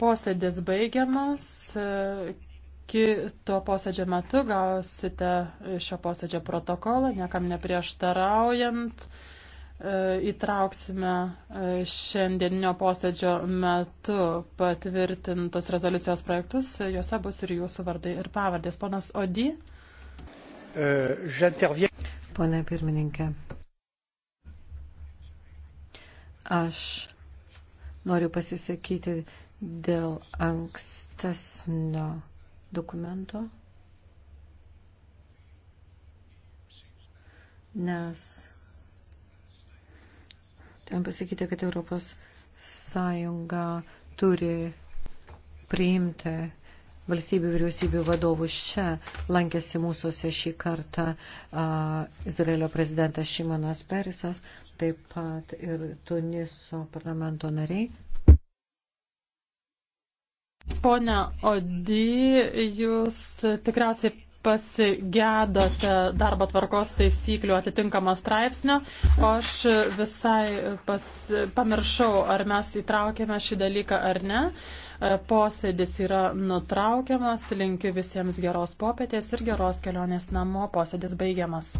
Posėdis baigiamas. Kito posėdžio metu gausite šio posėdžio protokolą, niekam neprieštaraujant. E, įtrauksime e, šiandieninio posėdžio metu patvirtintus rezoliucijos projektus, juose bus ir jūsų vardai ir pavardės. Ponas Odi. E, Pone pirmininkė. Aš Noriu pasisakyti dėl ankstesnio dokumento, nes ten pasakyti, kad Europos Sąjunga turi priimti valstybių vyriausybių vadovus čia lankėsi mūsųse šį kartą a, Izraelio prezidentas Šimonas Perisas, taip pat ir Tuniso parlamento nariai. Pone Odi, jūs tikriausiai pasigėdote darbo tvarkos taisyklių atitinkamo straipsnio, o aš visai pas, pamiršau, ar mes įtraukėme šį dalyką ar ne. Posėdis yra nutraukiamas, linkiu visiems geros popietės ir geros kelionės namo, posėdis baigiamas.